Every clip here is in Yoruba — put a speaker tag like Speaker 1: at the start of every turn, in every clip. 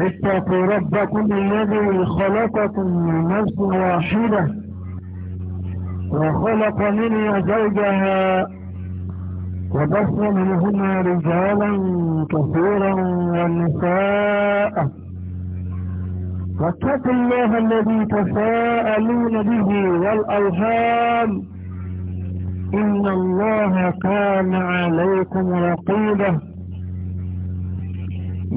Speaker 1: اتقوا ربكم الذي خلقكم من نفس واحدة وخلق منها زوجها وبث منهما رجالا كثيرا ونساء واتقوا الله الذي تساءلون به والأوهام إن الله كان عليكم رقيبه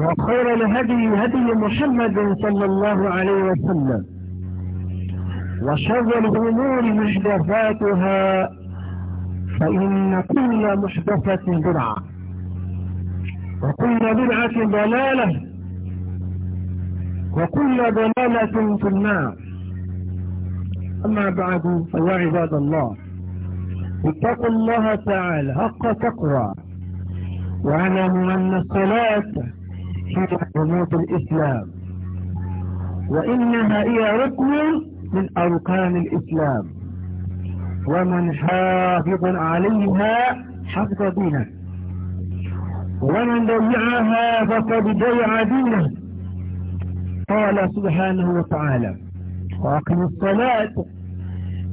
Speaker 1: وخير الهدي هدي محمد صلى الله عليه وسلم وشر الأمور محدثاتها فإن كل محدثة برعة وكل برعة ضلالة وكل ضلالة في النار أما بعد فيا عباد الله اتقوا الله تعالى حق تقوى واعلموا أن الصلاة حين يموت الإسلام وإنها هي ركن من أركان الإسلام ومن حافظ عليها حفظ دينه ومن ضيعها فقد ضيع دينه قال سبحانه وتعالى وأقم الصلاة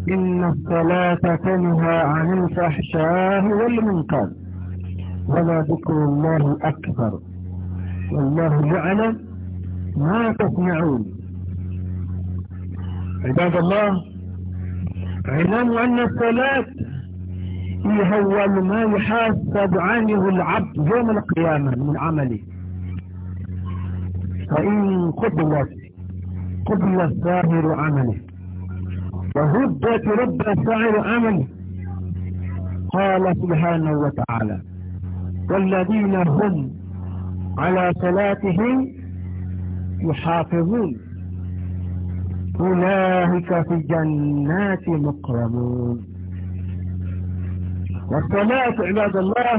Speaker 1: إن الصلاة تنهى عن الفحشاء والمنكر ولا ذكر الله أكبر والله يعلم ما تصنعون عباد الله اعلموا أن الصلاة هي أول ما يحاسب عنه العبد يوم القيامة من عمله فإن قبلت قبل الساهر عمله وهبت رب الساهر عمله قال سبحانه وتعالى والذين هم على صلاتهم يحافظون أولئك في الجنات مقربون والصلاة عباد الله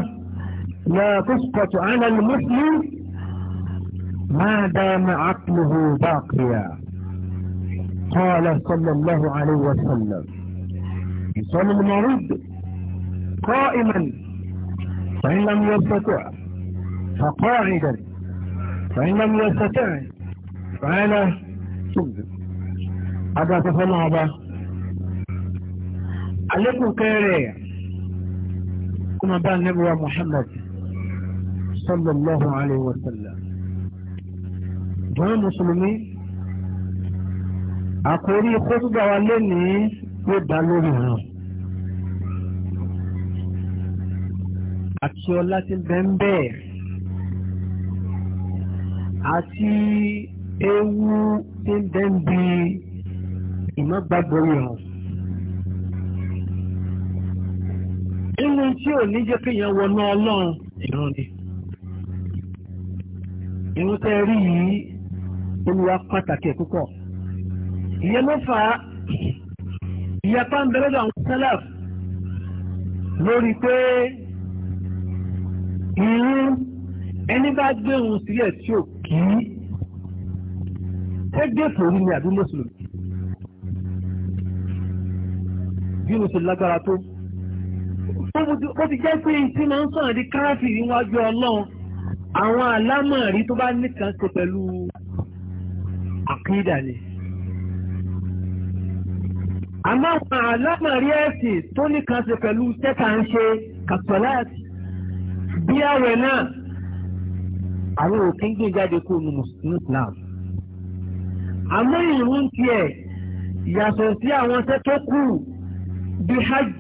Speaker 1: لا تسقط على المسلم ما دام عقله باقيا قال صلى الله عليه وسلم يصلي المريض قائما فإن لم يستطع فقاعدا فإن لم يستطع فأنا سجد هذا تفنع به عليكم كيري كما بان نبوى محمد صلى الله عليه وسلم جميع مسلمين أقولي خطبة ولني يدعو بها أكسي الله تلبن بيه àti ewu tí ń bẹ́ ń bi ìmọ̀gbàgbọ́ yẹn. inú tí ò ní jẹ́ kéèyàn wọná ọlọ́run ìran ni. ìrun tẹ́ rí yìí olúwa pàtàkì ẹ̀ púpọ̀. ìyẹn ló fà á ìyapa ń bẹ lọ́dọ̀ àwọn sẹ́lẹ̀f lórí pé ìrun ẹni bá gbé òun sílẹ̀ tí ò kí ẹgbẹ́ fòrí ni àbí mùsùlùmí bí mo ṣe lágbára tó ó ti jẹ́ pé tí máa ń sọ̀rọ̀ di káàfìrí níwájú ọlọ́run àwọn àlámọ̀rí tó bá nìkan ṣe pẹ̀lú àkídà ni àmọ́ àwọn àlámọ̀rí ẹ̀sìn tó nìkan ṣe pẹ̀lú tẹ́ta ń ṣe kàtọ́láàtì bí àwẹ̀ náà àwọn òkè ń gbé jáde kó nu Islam. àmọ́ ìrun tiẹ̀ yàtọ̀ sí àwọn iṣẹ́ tó kù bí hajj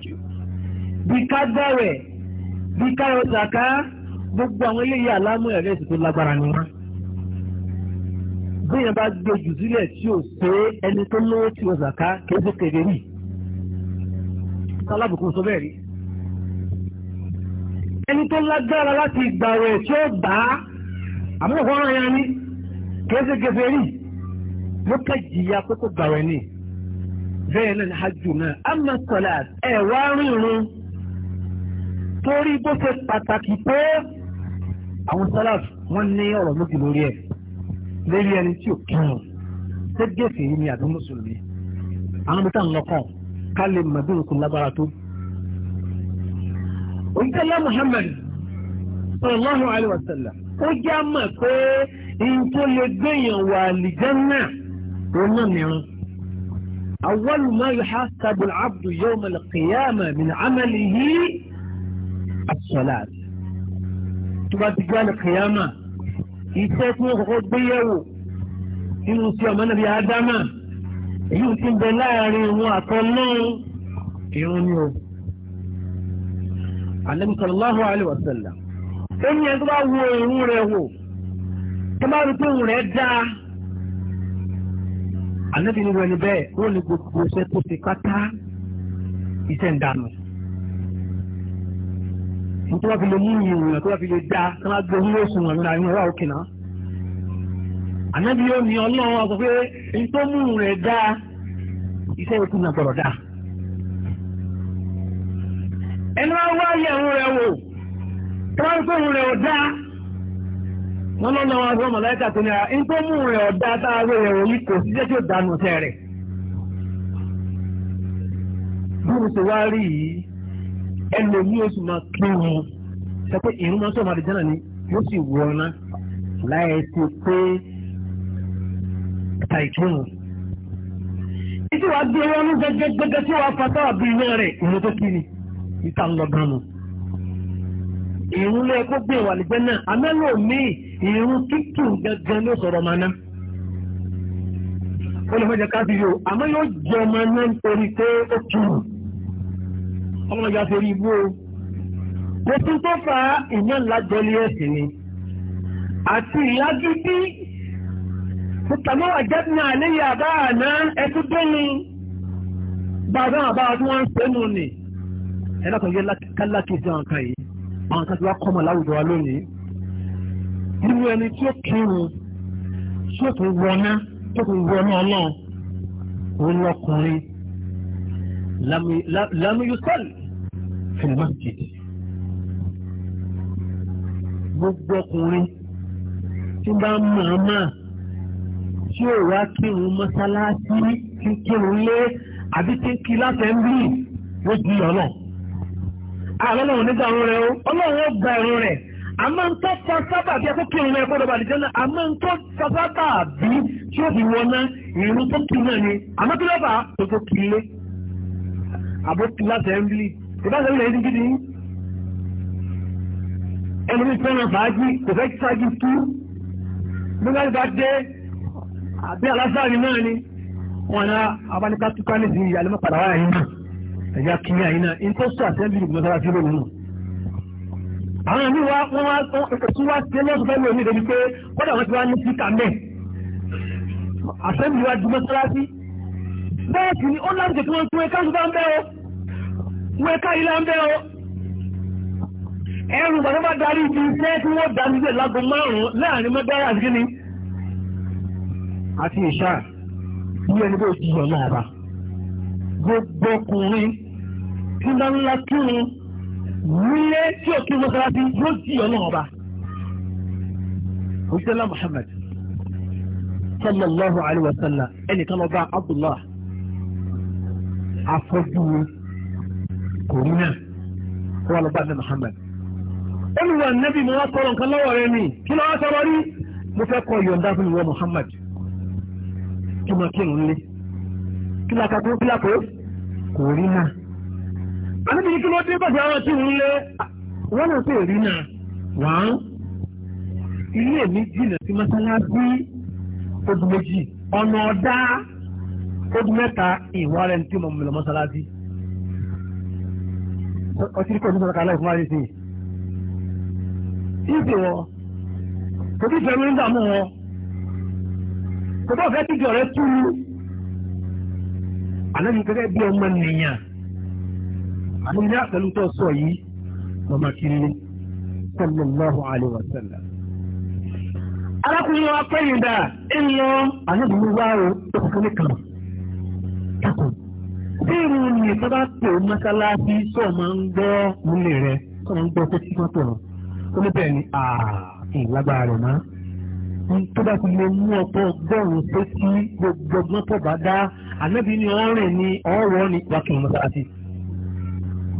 Speaker 1: bí ká gbẹ̀rẹ̀ bí ká yọ zaka gbogbo àwọn eléyìí àlámú ẹ̀rẹ́ ìsìnkú lágbára ni wọ́n. bíyẹn bá gbé jù sílẹ̀ tí ò ṣe ẹni tó lówó tí yọ zaka kéde kéde rí. sálábùkún sọ bẹ́ẹ̀ rí. ẹni tó lágbára láti gbàwẹ̀ tí ó bá a àmọ́ ìfọ́nrán yẹn ni kéésì kèfèrí ló kẹ́ jìyà pé kó gbàwẹ̀ ni bẹ́ẹ̀ náà ni hajj náà àmọ́ sọ̀lá ẹ̀ wá rìnrìn torí bó ṣe pàtàkì pé àwọn sálàf wọ́n ní ọ̀rọ̀ méjì lórí ẹ̀ lórí ẹni tí ò kírun ṣé gèsè yìí ni àbí mùsùlùmí àwọn ọmọ tá ń lọkàn ká lè mọ̀ bí nǹkan lágbára tó. òyìnbó lá Muhammad sallallahu alayhi wa sallam. ó já mọ̀ pé ihun tó lè gbẹ̀yàn wà àlìjánná òun náà mìíràn. أول ما يحاسب العبد يوم القيامة من عمله الصلاة تبقى تجال القيامة يسيكون غضبيه inú sí ọmọ nàbí ádámà èyí ti ń bẹ láàrin òun àtọ́nú irun ni o. Ànábì sallallahu alaihi wa sallam. ẹni yẹn tó bá wo irun rẹ̀ wò tó bá rí pé irun rẹ̀ dáa ànábì ni wẹni bẹ́ẹ̀ wọ́n ní gbogbo iṣẹ́ tó ti pátá iṣẹ́ ń dànù tó bá fi lè mú irun rẹ̀ tó bá fi lè dáa tó bá gbé irun oṣù wọn nínú àyùn òkè náà ànábì yóò ní ọlọ́run ọ̀sọ̀ pé èyí tó mú irun rẹ̀ wò. káwọn pé òun rẹ̀ wọn lọ́nà wọn àwọn màláíkà tó ní ara ń tó mú rẹ̀ ọ̀dá táwọn rẹ̀ òun yìí kò sí jẹ́ kí ó dànù ọ̀tẹ̀ rẹ̀. bóun ṣe wá rí yìí oṣù máa kí wọn pé ìrún máa ni yóò sì wọ pé wọn ní tí fa àbí iná ìrún lé ẹkọ gbé wà nígbẹ́ náà amẹ́lò mi ìrún tútù gangan ló sọ̀rọ̀ máa ná. ó lè fẹ́ jẹ káàdì yìí o àmọ́ yóò jẹ ọmọ náà nítorí pé ó túrù ọmọ ìyá fèrè ibú o. mo tún tó fa ìyá ńlá jọlí ẹ̀sìn ni àti ìyá gidi mùtàmọ́wà jẹ́bìnà àléyà àbáà náà ẹkú dẹ́nu bàbá àbáà tí wọ́n ń pẹ́nu ni ẹ̀dá kan yẹ kálákì sí àwọn kan yìí àwọn kan ti wá kọ́mọ̀ láwùjọ wa lónìí nínú ẹni tí ó kírun tí ó tún wọná tó tún wọná ọlọ́run òun ni ọkùnrin lamuyusal fìlímọ́sìtì gbogbo ọkùnrin tí bá ń mọ̀ ọ́n mọ̀ tí ò wá kírun mọ́sálásí kí kírun lé àbí tí ń kí láfẹ́ ń bì wọ́n ti yọ̀ náà àlọ́lọ́run nígbà ọ̀run rẹ̀ o ọlọ́run ó gba ẹ̀rù rẹ̀ àmọ́ ń tọ́ fa sábà bí ẹkọ́ kírun náà gbọ́dọ̀ bàdìjẹ́ náà àmọ́ ń tọ́ fa sábà bí tí ó fi wọná ìrún tó kí náà ni àmọ́ kí ló bá gbogbo kì lé àbó kíláàsì ẹ̀ńbílì ìbáṣẹ́ ìlẹ̀ ẹ̀dín gidi ẹni bí fẹ́ràn fàájì kò fẹ́ ṣáájú tú nígbà bá dé àbí aláṣáà náà ni wọn náà abánikátúkánì sí ìyàlẹ́mọ̀ padà wáyé náà ẹ̀já kíní àyínà ìtọ́sọ àtẹ́bí ìgbìmọ̀ sára sí lónìí. àwọn àmì wa wọ́n wá tún wá sí lọ́sọ̀ fẹ́ lónìí débi pé kọ́dà wọ́n ti wá ní síkà mẹ́ àtẹ́bí wa ju mọ́sálásí bẹ́ẹ̀ sì ni ó láti tètè wọn tún ẹ̀ka ṣùgbọ́n ń bẹ́ o wọ́n ẹ̀ka ilá ń bẹ́ o ẹrù bàtà bá darí ibi iṣẹ́ tí wọ́n dá nílẹ̀ lágbo márùn-ún láàrin mọ́gbára àti kíni àti ìṣá bí ẹni bó ti yọ̀ náà bá gbogbo ọkùnrin tí bá ńlá kírun nílé tí ò kí mọ́sálásí yóò jí ọlọ́run ọba. Òṣèlú Muhammad sallallahu alayhi wa sallam ẹnìkan ọba Abdullah afọ́jú kòrónà wà lọ́ba ní Muhammad. Olùwà nẹ́bí mo wá tọrọ nǹkan lọ́wọ́ rẹ ni kí ló wá tọrọ rí? Mo fẹ́ kọ yọ̀ǹda fún ìwọ Muhammad. Kí mo kírun lé? Kí lákàtó kí lákòó? Kòrónà àníbi kí ló dé bàbá àwọn tí ń lé wọ́n náà sì rí náà wàá ilé mi jìnnà sí mọ́sálásí ọdún méjì ọ̀nà ọ̀dá ọdún mẹ́ta ìwà rẹ̀ tí mo mọ̀ mọ́sálásí. ọtí kò ní sọ̀rọ̀ aláìfún wáyé sí i. ìsè wọ kò tí ìfẹ́ ń dààmú wọn kò tó ọ̀fẹ́ tíjọ rẹ tú ànábi gẹ́gẹ́ bí ọmọ nìyàn. àwọn ilé àpẹlú sọ yìí màmá kiri sallallahu alaihi wa sallam. arákùnrin wa pẹ́yìn dà ń lọ alábùnú wá o òkùnkùn nìkan takùn. bí irun ni bàbá pè mọ́sálásí tó máa ń gbọ́ nílé rẹ máa ń gbọ́ tọ̀ ó ní bẹ́ẹ̀ ni ìlágbára rẹ̀ tó bá ti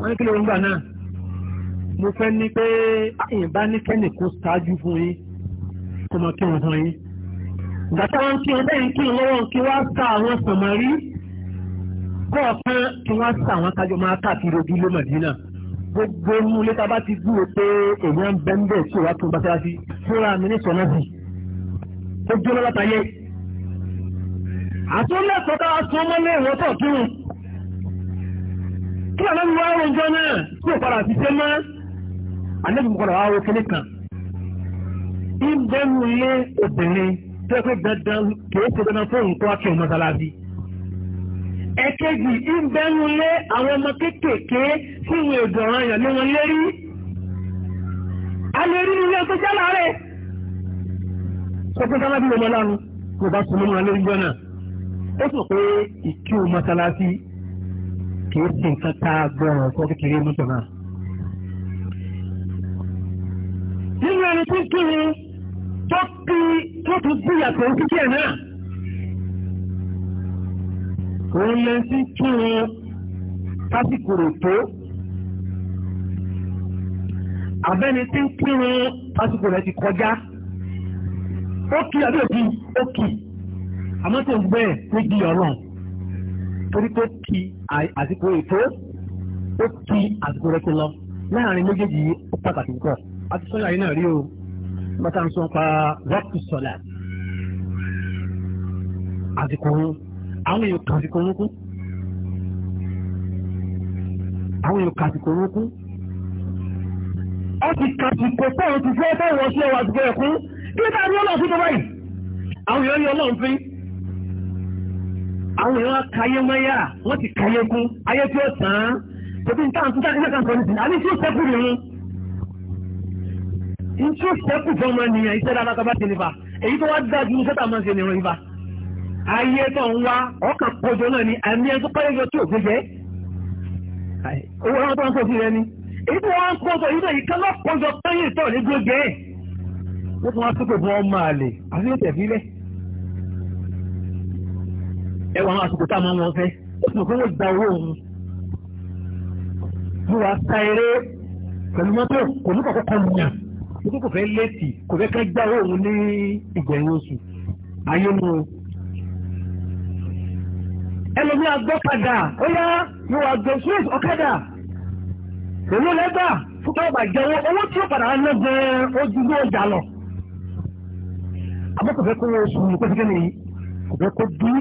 Speaker 1: wọ́n ní kí ló ń gbà náà mo fẹ́ ní pé ìbá ah, ní kẹ́nìkó ṣáájú fún yín kó mọ kí wọ́n fún yín ìgbà táwọn kí wọn bẹ́ẹ̀ kí lọ́wọ́ kí wọ́n sa àwọn sànmọ́rí kọ̀ọ̀kan kí wọ́n sa àwọn kájọ máa káàkiri ojú ló Mẹ̀dínà gbogbo inú ilé tá a bá ti dúró pé èèyàn ń bẹ́ ń bẹ̀ tí òwá tó ń bá ti fúnra mi ní sọ̀nà sí ó jóná látàyè àtúnlẹ̀kọ̀ọ́ tá a tún mọ́lé ìwọ́tọ̀ kírun kí àlọ́bí wá rò jọ náà tí ò padà ti ṣe mọ́ àlẹ́bí mọ̀kọ́dà wá rò kíní kan ìbẹ́nu ilé obìnrin tó yẹ pé dandan kìí ṣe dandan fún nǹkan akẹ́ mọ́sálásí ẹ̀kejì ìbẹ́nu ilé àwọn ọmọ kéékèèké fún ìwé ìdọ̀ràn yàn lé wọn lérí a lè rí ilé tó láàárẹ̀ sọ́kúntà lábí wọn lánàá kò bá sọ mọ́ wọn lérí náà ó sọ pé ìkí o mọ́sálásí kìí sì ń kẹta gbọ́rọ̀ ọ̀fọ́ kékeré mọ́tò náà. nínú ẹni tí ń kiri tó kí tó tún gbìyà pé ó kíkẹ́ náà. òun lè ti kiri tásìkò rò tó. àbẹ́ni tí ń kiri tásìkò rẹ̀ ti kọjá. ó kí àbí òkì ó kì àmọ́ tó ń gbẹ́ ẹ̀ ó di ọ̀rọ̀ torí pé ti àsìkò ètò ó ti àsìkò rẹpẹ lọ láàrin méjèèjì yìí ó pàtàkì púpọ̀ àti sọ́lá yìí náà rí o bàtà ń sọ pa rọ́pù sọ́lá àsìkò oorun àwọn èèyàn kà àsìkò oorun kú àwọn èèyàn kà àsìkò oorun kú ó ti kà àsìkò pé òun ti fẹ́ bẹ́ẹ̀ wọ́n sí ẹwà àsìkò ẹ̀kún kí ló dá ní ọlọ́run fún tó báyìí àwọn èèyàn ní ọlọ́run fún yìí àwọn èèyàn kayé mọ́yà wọ́n ti kayé kún ayé tí ó tàn án tòbí nǹkan àti sáà kíkà sọ nìsín àbí tí ó sẹ́kù nìyẹn n tí ó sẹ́kù fún ọmọ nìyẹn iṣẹ́ dáadáa tó bá ti nípa èyí tó wá dáa ju iṣẹ́ tá a máa ń ṣe nìyẹn nípa ayé tó ń wá ọkàn kojú náà ni àmì ẹ̀ tó kọ́lé yọ tí ò gbégbé owó ọmọ tó ń sọ sí rẹ ni èyí tó wá ń kojú èyí náà ìkan náà kojú ọ̀tọ́ yìí tó ní gbégbé wọ́n tún wá ẹwà àwọn àsìkò tá a máa ń wọ́n fẹ́ mo fẹ́ wọ́n gba owó òun mo wá sa eré pẹ̀lú mọ́tò kò ní kọ̀kọ́ kọlu yàn mo kò fẹ́ létí kò fẹ́ ká gba owó òun ní ìgbẹ̀yìn oṣù ayé mu o. ẹlòmí agbọ́padà ó yá mo wà gbé swiss ọ̀kadà òun lẹ́gbà fún báyìí bàjẹ́ owó owó tí ó padà wá ná gan-an ó ju ní ọjà lọ. abọ́kọ̀fẹ́ kó wọ́n oṣù ní pẹ́ẹ́sì kẹ́ni kò fẹ́ kó dín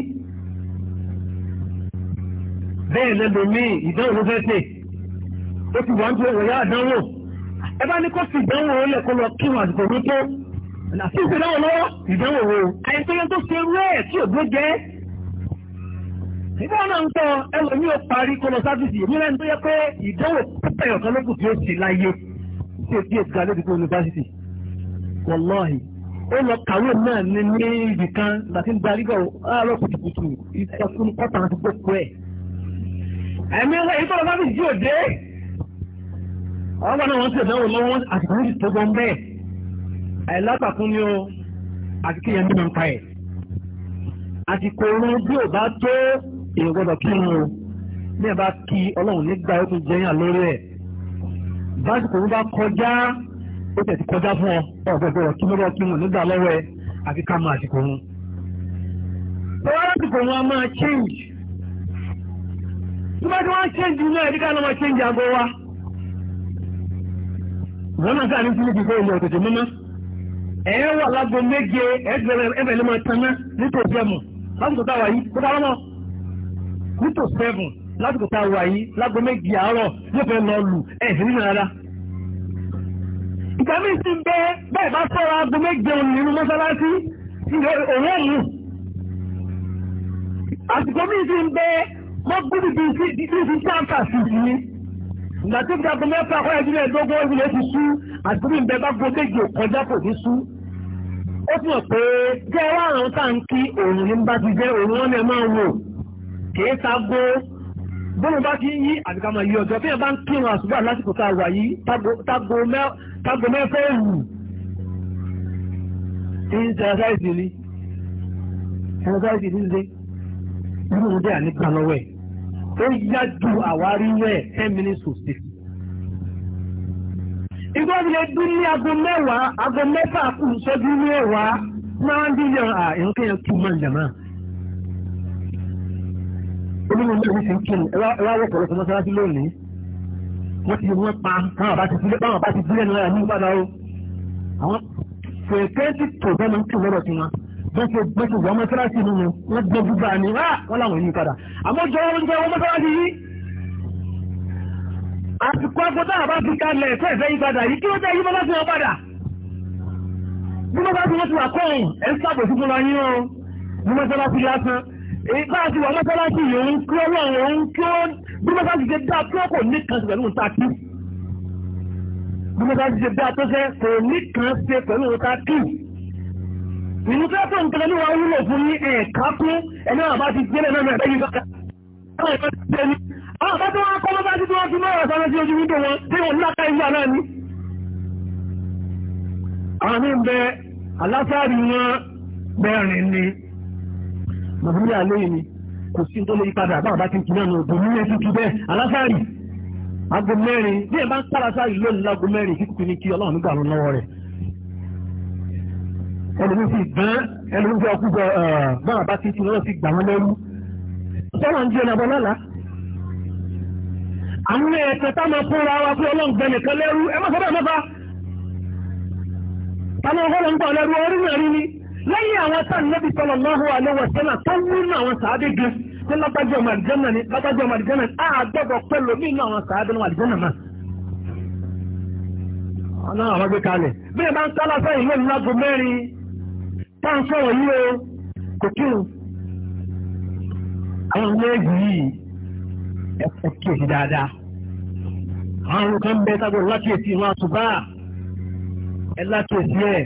Speaker 1: bẹ́ẹ̀ lẹ́nu mi ìdánwò ló fẹ́ ṣe ó ti wà ń tó wọ̀yá àdánwò ẹ bá ní kó fi ìdánwò ó lẹ̀ kó lọ kí wọn àsìkò wípé àti ìṣẹ̀lẹ̀ wọn lọ́wọ́ ìdánwò wo ẹni tó yẹ tó ṣe rú ẹ̀ tí ògbó jẹ́ ìbáwọn náà ń tọ́ ẹlòmí ò parí kó lọ sáfìsì èmi náà ń tó yẹ pé ìdánwò púpẹ̀ ọ̀kan lókùn tí ó ṣe láyé tí ó díẹ̀ ga lóbi kó yunifásitì wọlọ́ọ̀hì ó lọ kàwé náà ní ní ibìkan láti ń darí bọ̀ ọ́ àárọ̀ kùtùkùtù ìfọ̀kùn kọ́tà àti gbogbo ẹ̀ ẹ̀mí ńlá èyí tọ́lọ́ sábì jí òde ọgbà náà wọ́n ti ẹ̀dáwò lọ́wọ́ àtìkọ́ ti tó gbọ́n bẹ́ẹ̀ àìlápàkún ni o àti kéèyàn bí máa ń pa ẹ̀ àti kòrún bí ò bá tó èèyàn gbọ́dọ̀ kí n o ní ẹ̀ bá kí ọlọ́run nígbà ó tún jẹyàn lórí ẹ̀ básìkò ń bá kọjá ó tẹ̀ ti kọjá fún ọ ọ̀gbọ̀gbọ̀rọ̀ kí lọ́wọ́ kí wọn nígbà lọ́wọ́ ẹ̀ àfi ká máa àsìkò wọn. lọ́wọ́ àsìkò wọn a máa change tí wọ́n ti wá ń ṣéǹjì náà ẹ̀dí ká ló máa ṣéǹjì àgọ́ wa. wọ́n náà sáà ní kí ní kí fóònù ọ̀tọ̀tò mọ́mọ́. ẹ wà lágbo méje ẹgbẹ̀rẹ̀ ló máa taná nítòsí ẹ̀mọ̀ lásìkò táwa yìí kó tá lọ́mọ. nítòsí ẹ̀mọ̀ lásìkò táwa yìí lágbo méje àárọ̀ yóò fẹ́ lọ lù ẹ̀ sí nínú ara. ìgbà míì ti bẹ́ẹ̀ bẹ́ẹ̀ bá sọ̀rọ̀ agbo méje òun nínú mọ́sálásí àsìkò míì ti bẹ́ẹ̀ wọ́n gbúdú bí sí sí sáǹtà sí ní. ìgbà tí ìjàgbọ́ mẹ́fà kọ́yà ìdílé ẹ̀dógún ìbílẹ̀ ti sú àti bí nbẹ bá gbọdé jò kọjá kò ní sú. ó fi hàn pé jẹ́ wá àwọn táǹkì òun ní bá ti jẹ́ òun wọn lè máa wò kìí sago bóun bá ti yí àti ká máa yí ọjọ́ bí ẹ bá ń kírun àṣùgbà lásìkò tá a wà yìí tágo mẹ́fà èwù ní sẹ́rásáìsì ni sẹ́rásáìsì ní ṣe irú ìdí àníkà lọ́wọ́ ẹ̀ ó yá ju àwárí rẹ̀ ten minutes to six. ìgbà tí lè dún ní aago mẹ́wàá aago mẹ́fà kù sọ́jú mẹ́wàá máa ń dín yàn à ìrúkẹ́ yẹn tún máa ń jàmá. olórí mi ò fi ń kírun ẹ wá wọ pọ̀lọpọ̀ mọ́sálásí lónìí wọ́n ti wọ́n pa báwọn bá ti sílẹ̀ báwọn bá ti sílẹ̀ nínú ara ní ìpadà o. àwọn fèkẹ́ntì tó bẹ́ẹ̀ máa ń kírun lọ́dọ̀ tiwọn bẹ́sẹ̀ bẹ́sẹ̀ wọ́n mọ́sálásí nínú wọ́n gbọ́ gbígbà ní wá wọ́n láwọn ènìyàn padà àmọ́jọ́ wọ́n jẹ́ wọ́n mọ́sálásí yìí àsìkò agbọ́dá àbá fi kalẹ̀ ẹ̀fẹ́ ìfẹ́ yìí padà yìí kí ó jẹ́ yìí mọ́sálásí wọn padà bí mọ́sálásí wọn ti wà kọ́ ọ̀hún ẹ̀ ń sábò sí fúnra yín o bí mọ́sálásí lásán èyí bá ti wà mọ́sálásí òun kí ó wọ̀ òun kí ó bí mọ́sálásí ṣe dá tó kò ní kan pẹ̀lú òun tàkì bí mọ́sálásí ṣe dá tó fẹ́ kò ní kan ṣe pẹ̀lú òun tàkì nínú tó yàtọ̀ nǹkan ní wàá wúlò fún ní ẹ̀ka kún ẹni àbá ti gbélé náà ẹ̀ka yìí kọ́kà àwọn ẹ̀ka ti tẹ́ni àwọn àbá ni. àwọn mi ń ni màbúrú àlẹ́ yìí ni kò sí tó lè yí padà bá àbá ti kì náà ní ògbó nílé tuntun bẹ́ẹ̀ aláfáàrí aago mẹ́rin bí ẹ bá ń kára sáré lónìí láago mẹ́rin kíkùkù ní kí ọlọ́run gbà lọ́wọ́ rẹ̀ ẹlòmí sì gán ẹlòmí sì ọkùnjọ báwọn bá ti ti wọ́n sì gbà wọ́n lẹ́rú sọ́wọ́n ń jẹ́ ọ̀nà bọ́lá àwọn ẹ̀kẹ́ tá máa fúnra wa fún ọlọ́ǹgbẹ nìkan lẹ́rú ẹ máa sọ́dọ̀ mẹ́fà táwọn ọgọ́rùn-ún gbọ́ lẹ́rú orí náà rí ni lẹ́yìn àwọn táà níbi sọ̀rọ̀ lọ́hùn àlẹ́wọ̀ sẹ́nà tó wú ní àwọn sàádé gan ní lágbájọ́ ọmọ àdìjọ́nà ní lágbájọ́ ọmọ àdìjọ́nà ní àgbọ̀dọ̀ pẹ̀lú mí ní àwọn sàádé ní àdìjọ́nà náà. ọ̀nà àwọn gbé kalẹ̀ bí ẹ bá ń sálá sẹ́yìn lónìí lágbo mẹ́rin tá ń sọ̀rọ̀ yí o kò kí o àwọn ọmọ ẹgbẹ́ yìí ẹ fẹ́ kí èsì dáadáa àwọn olùkọ́ ń bẹ sábọ̀ láti èsì ìwọ̀n àtúbà ẹ láti èsì ẹ̀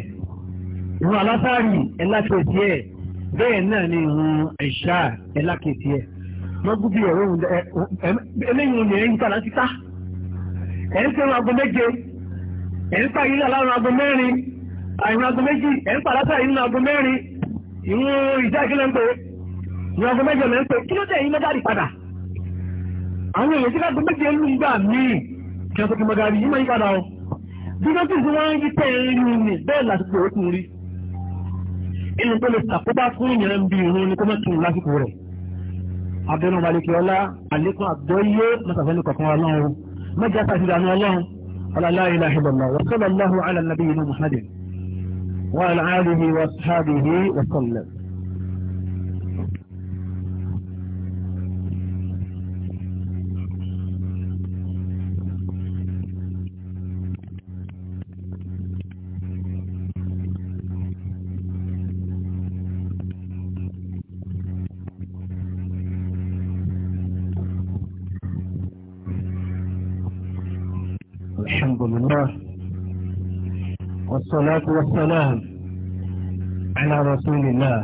Speaker 1: ìwọ̀n alásàárì ẹ láti èsì ẹ̀ bẹ́ẹ̀ náà ni ìwọ̀n ẹ̀ṣá ẹ láti èsì ẹ̀ mọ́gbú bí ẹ̀rọ eléyìí ni ẹ̀yìn padà síta ẹ̀ ń sẹ́wọ̀n aago méje ẹ̀ ń pàyílẹ̀ láwọn aago mẹ́rin àìrìn aago méjì ẹ̀ ń pàdásà yìí nínú aago mẹ́rin ìwọ̀n ìjà ìkílẹ̀ ń pè ní aago mẹ́jọ lẹ́ ń pè kí ló dé yín mọ́gàrí padà àwọn èèyàn tí ká gbọ́dọ̀ jẹ́ lù gbà míì kí wọ́n tó kí mọ́gàrí yìí máa yí padà o bí wọ́n sì wọ́n ń yí tẹ́ ẹ̀rín ni bẹ́ẹ̀ lásìkò ó tún rí inú tó lè ṣàkóbá fún ìyẹn ń bi ìrún ni kó má tún lásìkò rẹ̀ abẹ́nu balẹ̀kẹ́ ọlá àlékún àgbọ́yé mọ́sàfẹ́ni kọ̀ọ̀kan ọlọ́run mẹ́jẹ́ àtàkùn ìdáná ọlọ́run ọlá la ilaha illallah wa sallallahu ala nabiyina muhammadin وعلى آله وأصحابه وسلم الحمد لله والصلاة والسلام على رسول الله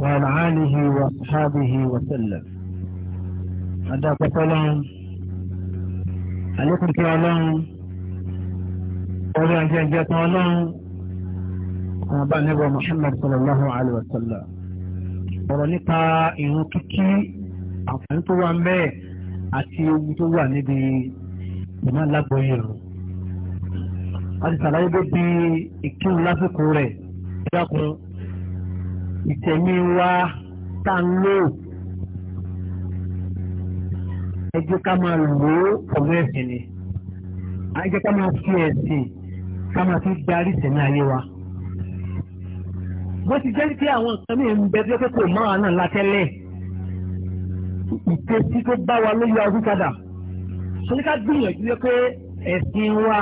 Speaker 1: وعلى آله وأصحابه وسلم هذا قتلان عليكم كيالان أولي أن جاتوالان أبا محمد صلى الله عليه وسلم ورنقى إنو كيكي àǹfààní tó wà ń bẹ́ẹ̀ àti ewu àti sàlàyé bó bí ìkírun lásìkò rẹ̀ dákun ìtẹ̀mí wa tá ń lò ẹ jẹ́ ká máa lò ó ọ̀rọ̀ ẹ̀sìn ni ẹ jẹ́ ká máa fi ẹ̀sìn ká máa fi darí ìsẹ̀mí ayé wa. bó ti jẹ́ pé àwọn nǹkan mi ń bẹ pé kò máa náà látẹ́lẹ̀ ìtẹ́sí tó bá wa lórí ọdún padà. sọ ní ká gbìyànjú pé ẹ̀sìn wa.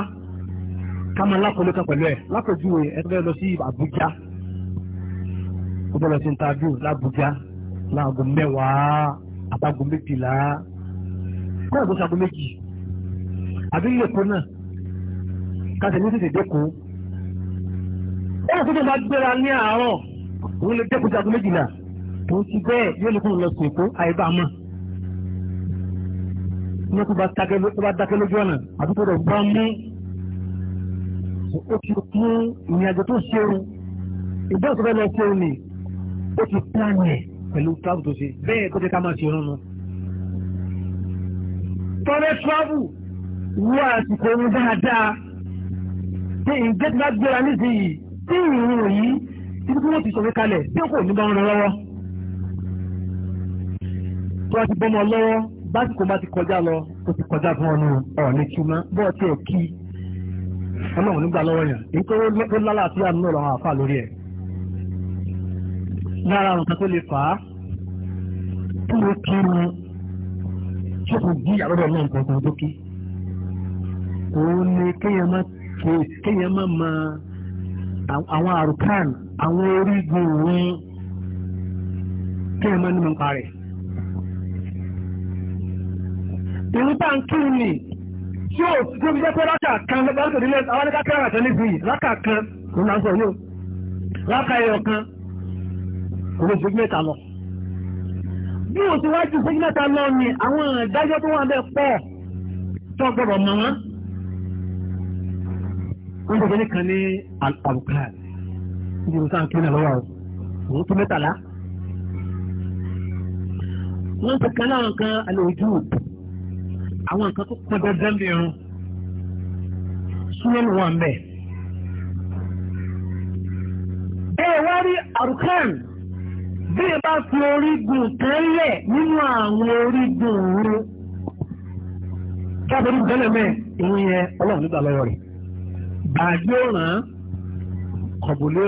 Speaker 1: Kama máa lákòólé kan pẹ̀lú ẹ̀ lákòójúwe ẹ fẹ́ lọ sí Àbújá ó bọ́ lọ sí ntàdù l'Àbújá láago mẹ́wàá àbágo méjìlá kọ́ ẹ̀gbọ́n sago méjì àbí lèkó náà kásẹ̀ ní tètè dẹ́kun ó yẹ kó tó bá gbéra ní àárọ̀ òun lè dẹ́kun sago méjìlá tó ń ti bẹ́ẹ̀ yóò lè fún un lọ sí Èkó àìbámọ́ ní kó bá dákẹ́ lójú ọ̀nà àbí rẹ̀ bá mú ó ti kún ìrìn àjò tó ṣeun ìgbà tó fẹ́ lọ ṣeun ni ó ti pààyàn pẹ̀lú travel tó ṣe bẹ́ẹ̀ tó ti ká máa ṣe rán nu. tọ́lẹ̀ travel wọ àsìkò ohun dáadáa pé ìjẹ́ gbéra nísìnyìí tí ìrìn òyìn títí tí wọ́n ti sọ̀rọ̀ kalẹ̀ tí ó kò ní bá wọn lọ́wọ́. tó a ti bọ́ ọmọ lọ́wọ́ básìkò bá ti kọjá lọ ó ti kọjá fún ọ ní ọ̀ ní ọlọ́run nígbà lọ́wọ́ yẹn èyí tó lálà àti àánú náà lórí ẹ̀ lára àwọn kan tó lè fà á kí náà nǹkan kan tó kí kéèyàn àwọn àrùkán àwọn orígun wọn kí tí ó tó fi jẹ́ pé rákà kan lọ́gbàtò nílẹ̀ àwọn ní kákẹ́ àràtẹ́ níbi yìí rákà kan ló máa ń sọ yóò rákà ẹyọ kan kò lè ṣojú mẹ́ta lọ. bí o ti wájú ṣojú mẹ́ta lọ ni àwọn ìdájọ́ tó wà bẹ́ẹ̀ pọ̀ tó gbọ́dọ̀ mọ̀ wọ́n. wọ́n gbọ́dọ̀ nìkan ní àbùkàn ní ìwòsàn àkínà lọ́wọ́ òun tó mẹ́tàlá. wọ́n ti kan náà kan àlè ojú òkú. àwọn nǹkan tó pọn dandan bí irun súnmọ́nù wà mẹ́. bẹ́ẹ̀ wá bá fi orígun kan nínú àwọn orígun òru káàbọ̀dún tẹ́lẹ̀ mẹ́ yẹn ọlọ́run nígbà lọ́wọ́ rẹ̀ kọ̀bùlé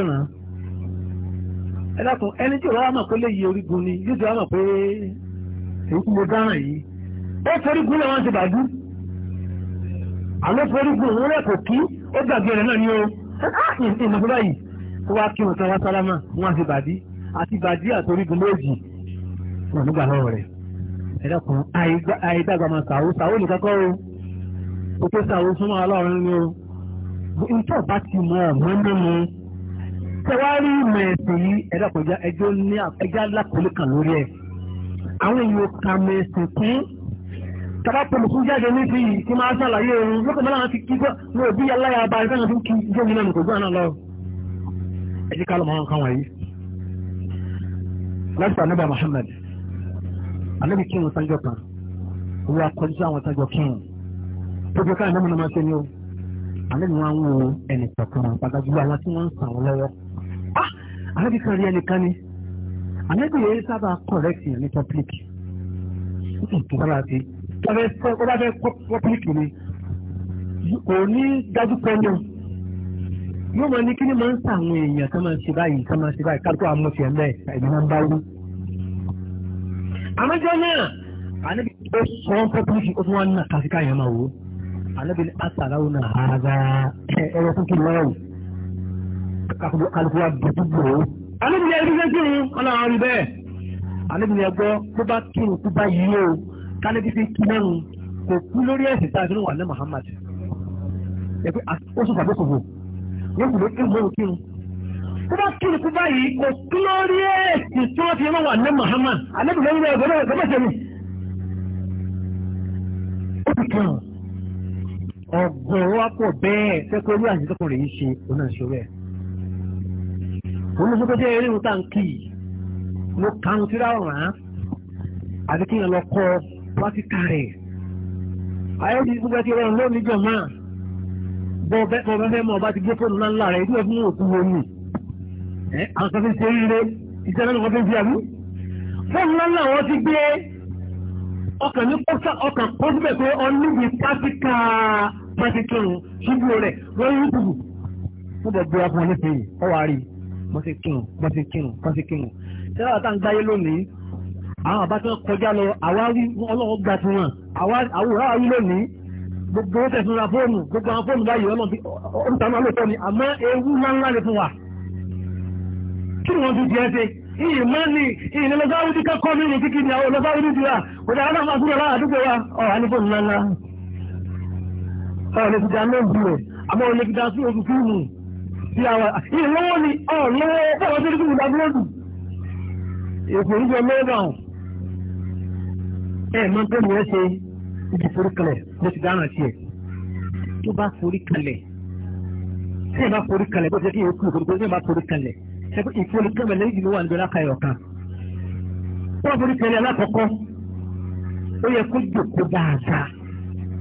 Speaker 1: ẹ dákun ẹni tí ìwọ́n mọ̀ pé lè yí orígun ni yóò ti ó forí gúnlẹ̀ wọn ti bàdú àló forí gún òun rẹ̀ kò kí ó gbàgbé rẹ̀ náà ni ó ìmọ̀ fún báyìí ó wá kí wọn tán wá sálámà wọn àti bàdí àti bàdí àtorígun méjì wọn nígbà lọ́wọ́ rẹ̀ ẹ̀dá kan àìdàgbà máa sàwó sàwó nìkan kọ́ o ó tó sàwó fún ọlọ́run ni o nítọ́ bá ti mọ ọ̀mọ́ mímu tẹwárí ìmọ̀ ẹ̀sìn yìí ẹ̀dá kan ẹjọ́ ní ẹjọ́ alákòólé kan lórí ẹ̀ àwọn èèyàn kà mọ̀ kún tàbá pẹ̀lúkú jáde ní sí kí máa ṣàlàyé ohun lókè mọ́lá wọn ti kí gbọ́ ní òbí aláya bá ẹgbẹ́ náà tó kí ijó mi lẹ́nu kò gbọ́ náà lọ. ẹ jẹ́ ká lọ máa ń kàn wáyé. lásìkò anábà Muhammad anábì kí wọn sanjọ kan owó akọjú sí àwọn sanjọ kí wọn tó fi káyọ̀ mọ́mọ́ máa ṣe ni ó anábì wọn ń wo ẹnì kọ̀ọ̀kan pàtàkì gbogbo àwọn tí wọ́n ń sàn wọn lọ́wọ́. anábì kan rí ẹnìkan ni anábì yẹn sábà kọ̀rẹ́tì ní pọ́blíkì ó bá fẹ́ pọ́pílìkì ni kò ní dájú pẹ́ẹ́nù yóò máa ní kí ni máa ń sa àwọn èèyàn ká máa ṣe báyìí ká máa ṣe báyìí ká tó àwọn ọmọ tiẹ̀ mẹ́ẹ̀ ẹ̀mí máa ń bá wú. àmọ́jọ́ náà ànábi ó sọ ọ́n pọ́pílìkì ó tún wá ń nà kásíká yẹn máa wò ó ànábi ní àtàláwò náà ààrà ẹ̀rọ fún kí n lọ́wọ́ kálukú wa dùdú bò ó. ànábi ní ẹbí fẹ́ kí n ọlọ́run rí bẹ́ẹ̀ o kálẹ̀ títí kí mẹ́rùn kò kú lórí ẹ̀sìn tá a fẹ́ràn wà ní Muhammad ẹ pé ó sọ fàgbé kòkò wọ́n kò ló kí mọ́rùn kírun tó bá kí ni kú báyìí kò kú lórí ẹ̀sìn tí wọ́n ti rán wà ní Muhammad alẹ́bù lórí ẹ̀ gbọ́dọ̀ gbọ́dọ̀ ṣe mi. ó ti kírun ọ̀gọ̀rọ̀ pọ̀ bẹ́ẹ̀ fẹ́kọ̀ orí àṣetọ́kùnrin yìí ṣe òun náà ṣe rẹ̀ òun ló fẹ́ jẹ́ eré ìwòtá ń kì í mo kàn án síra ọ̀ràn á àti kí n lọ kọ́ ọ pàtíkà rẹ̀ ayé ti gbogbo ẹtì rọrùn lónìí jọ máa bọ bẹ bọ bẹ mọ ọba ti gbé fóònù ńláńlá rẹ̀ ìdúró fún òkú omi ẹ àwọn kan fi ṣe rire iṣẹ́ náà wọn fi fi àbí fóònù ńláńlá wọn ti gbé ọkàn ní pọ́sà ọkàn kó síbẹ̀ pé ọlọ́ọ̀bì pàtíkà pàtíkà ṣubú rẹ̀ wọ́n yóò dùbù wọ́n bọ̀ gbé ọkùnrin nífẹ̀ẹ́ ọwọ́ àárí mọ́sí kírun mọ́sí kírun mọ́sí kírun tẹ́lá àtàǹgbáyé lónìí àwọn àbátan kọjá lọ àwárí ọlọ́wọ́ gbà tí wọn àwòrán lónìí gbogbo wọn tẹ̀sùn ra fóònù gbogbo àwọn fóònù báyìí ọlọ́run ti ọ̀rùn tàbí ọlọ́tọ́ ni àmọ́ ewu ńláńlá ni fún wa kí ni wọ́n ti jẹ́ ṣe ìyè mọ́ ni ìyè lọ́gáwúdí kọ́kọ́ mi ní kíkí ni àwọn lọ́gáwúdí ti wà kò dá aláfà kúrò lára àdúgbò wa ọ̀rọ̀ àní fóònù ńláńlá ọ̀rọ̀ lè fi dá náà bù rẹ̀ àmọ́ lè fi dá sí oṣù fíìmù sí àwọn lọ́wọ́ ni ọ̀rọ̀ lọ́wọ́ ẹ mọ pé mo ẹ ṣe ibi foríkalẹ̀ mo ti dáná tiẹ̀ tó bá foríkalẹ̀ tí ẹ bá foríkalẹ̀ bó ṣe kí yòókù ìforíkalẹ̀ tí ẹ bá foríkalẹ̀ ṣe pé ìforíkalẹ̀ lẹ́yìn ìdílé wà níbi alákàyọ̀ kan tó foríkalẹ̀ alákọ̀ọ́kọ́ ó yẹ kó jòkó dáadáa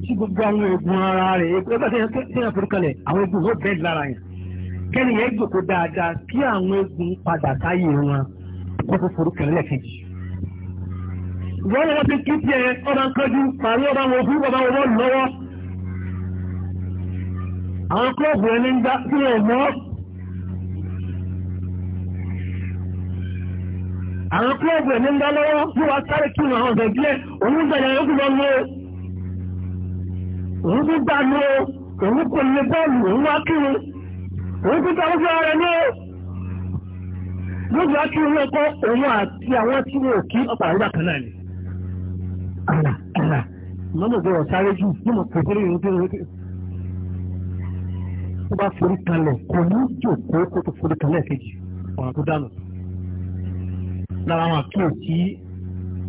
Speaker 1: tí gbogbo àwọn eegun ara rẹ̀ ẹgbẹ́ tí ẹ foríkalẹ̀ àwọn eegun ló bẹ́ẹ̀ lára yẹn kẹ́ni jòkó dáadáa kí àwọn eegun padà sáyé wọn kó tó foríkalẹ̀ lẹ́ẹ̀kejì wọ́n ni wọ́n ti kí tí ẹ ọba ń kọjú parí ọba wọn fún ọba wọn lọ́wọ́ àwọn klọ́ọ̀bù ẹni ń gbá sí ẹ̀ mọ́ àwọn klọ́ọ̀bù ẹni ń gbá lọ́wọ́ tí wọ́n sáré kí wọn ọ̀dọ̀ ìbílẹ̀ òun gbẹ̀yẹ̀ yóò lọ lọ òun tún gbà lọ òun kò lè bọ́ọ̀lù òun wá kírun òun tún gbà lọ́wọ́ rẹ̀ lọ́wọ́ lójú akíwọ́n kọ́ òun àti àwọn tí wọn ò kí ọ̀pọ̀ àríwá kan náà ni àlà àlà mọ́mọ́ gbọ́dọ̀ sáré jù mọ́mọ́ kò fẹ́rẹ́ yìí tó rẹ́ tó bá forí kalẹ̀ kò ní jòkó kó tó forí kalẹ̀ kejì ọ̀ràn tó dànù. lára àwọn àkíyèsí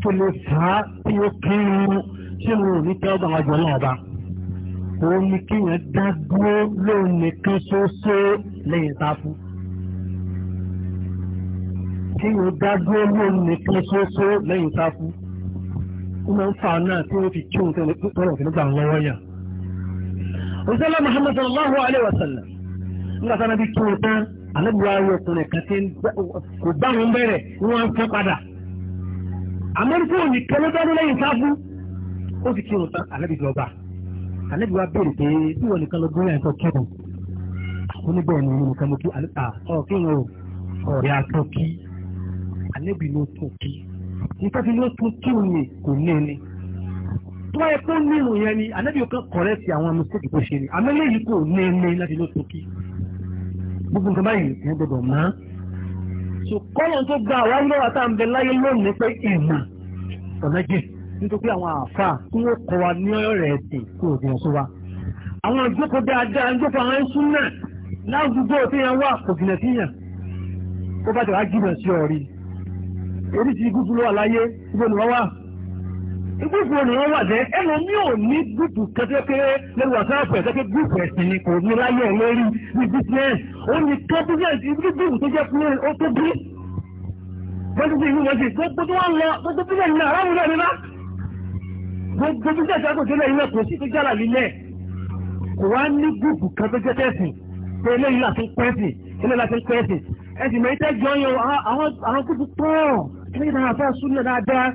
Speaker 1: tó lè fà á tí ó kírun ṣé mo ò ní tẹ́ ọba àwọn àjọ náà bá. òun ni kéèyàn dá dúró lóun nìkan ṣoṣo lẹ́yìn sáfù kéèyàn dá dúró lóun nìkan ṣoṣo lẹ́yìn sáfù. wọ́n fa náà tí wọ́n fi kí fi sallallahu alayhi wa sallam nígbà tí wọ́n fi kí òun tán alábùwá ayé ọkùnrin kan tí kò bá wọn bẹ̀rẹ̀ ni wọ́n fẹ́ sáfù ó fi tán alábìbí ọba alábìwá béèrè pé bí wọn nìkan lọ gbóyà nǹkan ni wọn kí ìtàkì yóò tún kí òun ni kò ní ẹni tó wáyé pé nínú yẹn ni anábì kan kọ̀rẹ́ sí àwọn mistake tó ṣe ni àmẹ́lẹ́ yìí kò ní ẹni láti ló tún kí gbogbo nǹkan báyìí ẹ̀ gbọ́dọ̀ mọ́ so kọ́lọ̀ tó gba àwọn lọ́wọ́ tá à ń bẹ láyé lónìí pé ìmọ̀ ọ̀nà jẹ́ nítorí àwọn àáfàá tí wọ́n kọ́ wa ní ọ̀rẹ́ ẹ̀sìn kí ò jẹ́ sọ wa àwọn ìjókòó dáadáa ìjókòó àwọn ẹ̀sùn náà oríṣi gúúsù ló wà láyé ibo ni wọ́n wà gúúsù wo ni wọ́n wà dé ẹnu mi ò ní gúúsù kẹ́kẹ́kẹ́ lórí wàsáàpù ẹ̀ kẹ́kẹ́ gúúsù ẹ̀sìn ni kò ní láyé ẹ̀ lórí ní bísíẹ̀sì ó ní kẹ́ bísíẹ̀sì ibi gúúsù tó jẹ́ fún ó tó bí bẹ́ẹ̀ tó ìlú wọ́n ti gbogbo tó wọ́n lọ gbogbo bísíẹ̀sì náà aráàlú náà nílá gbogbo bísíẹ̀sì àgbòsílẹ̀ ilẹ̀ kò sí tó jára lílẹ̀ kò wá ní gúúsù kẹ́kẹ́kẹ́ tẹ̀sìn pé eléyìí láti pẹ́sìn eléyìí láti pẹ́sìn ẹ̀sìn mọ̀ ìtẹ́ jọ yọ àwọn kúkú pọ̀ lẹ́yìn náà fẹ́ súnlẹ̀ dáadáa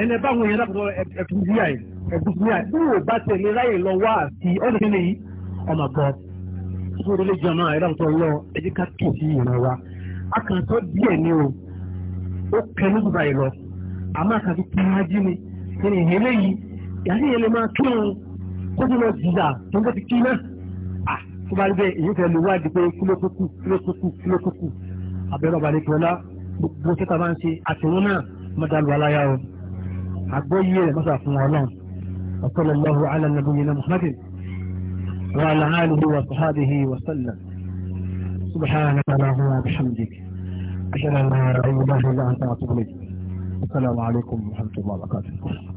Speaker 1: ẹni bá àwọn èèyàn dàpọ̀ ẹ̀kún bíyà ẹ̀kún bíyà bí wò bá tẹ̀lé ráyè lọ wá àti ọ̀dọ̀ kí ni ọmọ kọ fún orílẹ̀ jọmọ ẹ̀dàpọ̀ lọ ẹ̀jẹ̀ ká kì sí ìran wa akàntọ́ díẹ̀ ni o ó kẹ ní bùbá yìí lọ àmọ́ àkàtú kí wọ́n á jí mi kí ni ìhẹ́lẹ́ yìí yàtí ìhẹ́lẹ́ máa kí wọn kó tó tó bá rí bẹ́ẹ̀ èyí fẹ́ lè wádìí pé kí ló tó kù kí ló tó kù kí ló tó kù abẹ́rẹ́ ọba lè tọ́lá gbogbo sẹ́ta bá ń ṣe àtẹ̀wọ́n náà mọ́dàlú aláyá o àgbọ́yé rẹ̀ mọ́sà fún ọlọ́run sallallahu ala nabiyyina muhammadin wa ala alihi wa sahbihi wa sallam subhanaka allahumma wa bihamdik ashhadu an la ilaha illa anta astaghfiruka wa atubu ilayk assalamu alaikum wa rahmatullahi wa barakatuh